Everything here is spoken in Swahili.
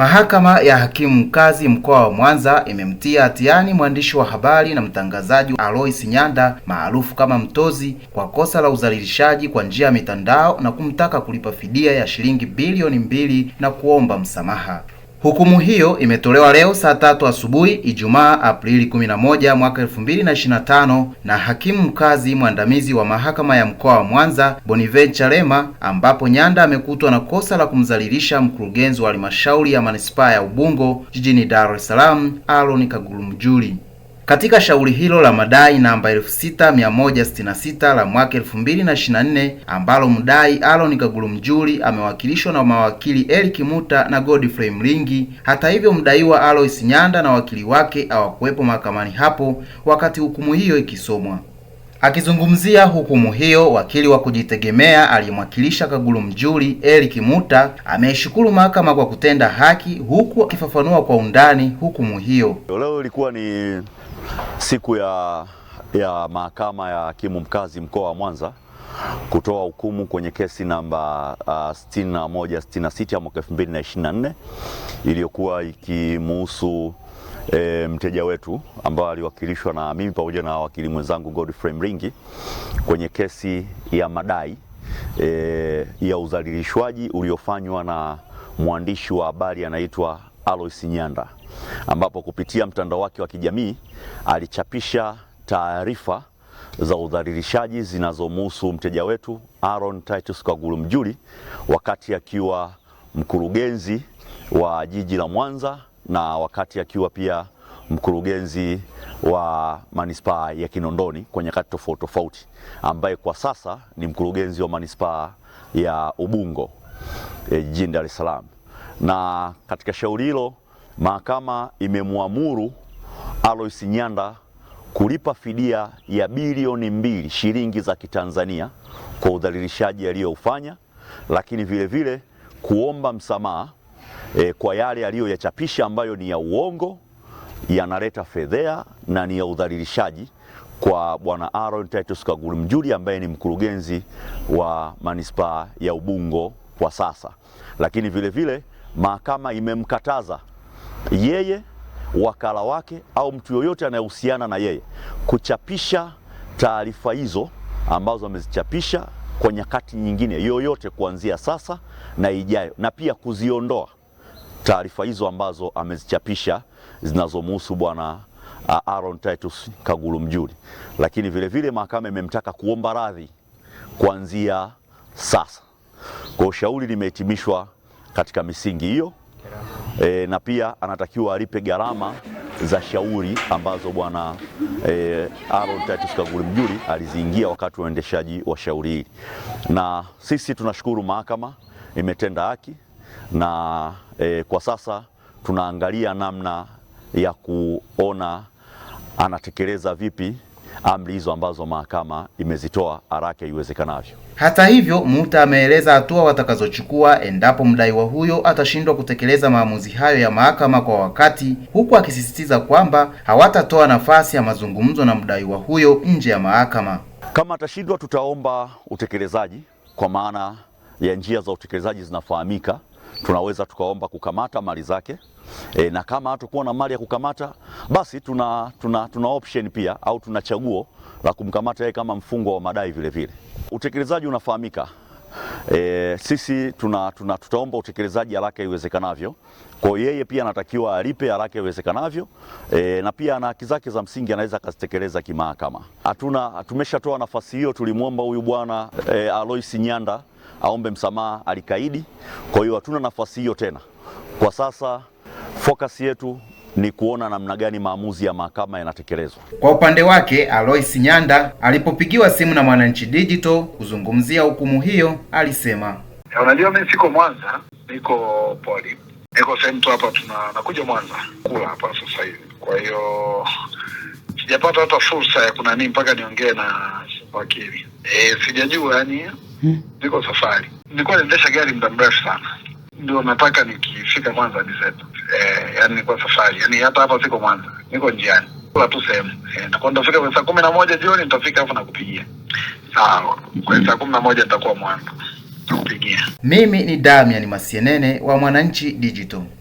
Mahakama ya Hakimu Mkazi Mkoa wa Mwanza imemtia hatiani mwandishi wa habari na mtangazaji alois Nyanda maarufu kama Mtozi kwa kosa la udhalilishaji kwa njia ya mitandao na kumtaka kulipa fidia ya shilingi bilioni mbili na kuomba msamaha. Hukumu hiyo imetolewa leo saa tatu asubuhi Ijumaa Aprili 11 mwaka 2025 na hakimu mkazi mwandamizi wa mahakama ya mkoa wa Mwanza Boniventure Lema, ambapo Nyanda amekutwa na kosa la kumdhalilisha mkurugenzi wa halmashauri ya manispaa ya Ubungo jijini Dar es Salaam Aaron Kagurumjuli. Katika shauri hilo la madai namba 6166 la mwaka 2024 ambalo mdai Alon Kagulu Mjuri amewakilishwa na mawakili Eric Muta na Godfrey Mlingi. Hata hivyo, mdaiwa Alois Nyanda na wakili wake hawakuwepo mahakamani hapo wakati hukumu hiyo ikisomwa. Akizungumzia hukumu hiyo, wakili wa kujitegemea aliyemwakilisha Kagulu Mjuri, Eric Muta, ameshukuru mahakama kwa kutenda haki, huku akifafanua kwa undani hukumu hiyo. Leo ilikuwa ni siku ya, ya mahakama ya hakimu mkazi mkoa wa Mwanza kutoa hukumu kwenye kesi namba uh, 6166 ya mwaka 2024 iliyokuwa ikimuhusu e, mteja wetu ambaye aliwakilishwa na mimi pamoja na wakili mwenzangu Godfrey Mringi kwenye kesi ya madai e, ya udhalilishwaji uliofanywa na mwandishi wa habari anaitwa Alois Nyanda ambapo kupitia mtandao wake wa kijamii alichapisha taarifa za udhalilishaji zinazomhusu mteja wetu Aaron Titus Kaguru Mjuli wakati akiwa mkurugenzi wa jiji la Mwanza na wakati akiwa pia mkurugenzi wa manispaa ya Kinondoni kwa nyakati tofauti tofauti, ambaye kwa sasa ni mkurugenzi wa manispaa ya Ubungo eh, jijini Dar es Salaam na katika shauri hilo mahakama imemwamuru Alois Nyanda kulipa fidia ya bilioni mbili shilingi za Kitanzania kwa udhalilishaji aliyoufanya, lakini vile vile kuomba msamaha e, kwa yale aliyoyachapisha ambayo ni ya uongo, yanaleta fedhea na ni ya udhalilishaji kwa bwana Aaron Titus Kaguru Mjuri ambaye ni mkurugenzi wa manispaa ya Ubungo kwa sasa, lakini vile vile mahakama imemkataza yeye, wakala wake, au mtu yoyote anayehusiana na yeye kuchapisha taarifa hizo ambazo amezichapisha kwa nyakati nyingine yoyote kuanzia sasa na ijayo, na pia kuziondoa taarifa hizo ambazo amezichapisha zinazomhusu bwana Aaron Titus kagulu Mjuri. Lakini vilevile mahakama imemtaka kuomba radhi kuanzia sasa. Kwa ushauri limehitimishwa katika misingi hiyo e, na pia anatakiwa alipe gharama za shauri ambazo bwana e, Aaron Titus Kaguli Mjuri aliziingia wakati wa uendeshaji wa shauri hili, na sisi tunashukuru mahakama imetenda haki na e, kwa sasa tunaangalia namna ya kuona anatekeleza vipi amri hizo ambazo mahakama imezitoa haraka iwezekanavyo. Hata hivyo, muta ameeleza hatua watakazochukua endapo mdaiwa huyo atashindwa kutekeleza maamuzi hayo ya mahakama kwa wakati, huku akisisitiza kwamba hawatatoa nafasi ya mazungumzo na mdaiwa huyo nje ya mahakama. Kama atashindwa, tutaomba utekelezaji, kwa maana ya njia za utekelezaji zinafahamika. Tunaweza tukaomba kukamata mali zake e, na kama hatukuwa na mali ya kukamata basi tuna, tuna, tuna option pia au tuna chaguo la kumkamata yeye kama mfungwa wa madai vile vile. Utekelezaji unafahamika. E, sisi tuna, tuna, tutaomba utekelezaji haraka iwezekanavyo. Kwa yeye pia anatakiwa alipe haraka iwezekanavyo e, na pia ana haki zake za msingi anaweza akazitekeleza kimahakama. Hatuna, tumeshatoa nafasi hiyo, tulimwomba huyu bwana e, Alois Nyanda aombe msamaha, alikaidi. Kwa hiyo hatuna nafasi hiyo tena kwa sasa. Focus yetu ni kuona namna gani maamuzi ya mahakama yanatekelezwa. Kwa upande wake, Alois Nyanda alipopigiwa simu na Mwananchi Digital kuzungumzia hukumu hiyo alisema, unajua mimi siko Mwanza, niko poli, niko sehemu tu hapa, tuna nakuja Mwanza kula hapa sasa hivi, kwa hiyo sijapata hata fursa ya kunanii mpaka niongee na wakili e, sijajua yani, hmm. niko safari, nilikuwa naendesha gari muda mrefu sana ndio nataka nikifika Mwanza nisetu eh, yani kwa safari yani hata hapa siko Mwanza, niko njiani kula tu sehemu eh, takuwa nitafika saa kumi na moja jioni nitafika, afu nakupigia sawa. Kwa mm-hmm. saa kumi na moja nitakuwa Mwanza, nakupigia. Mimi ni Damian Masienene wa Mwananchi Digital.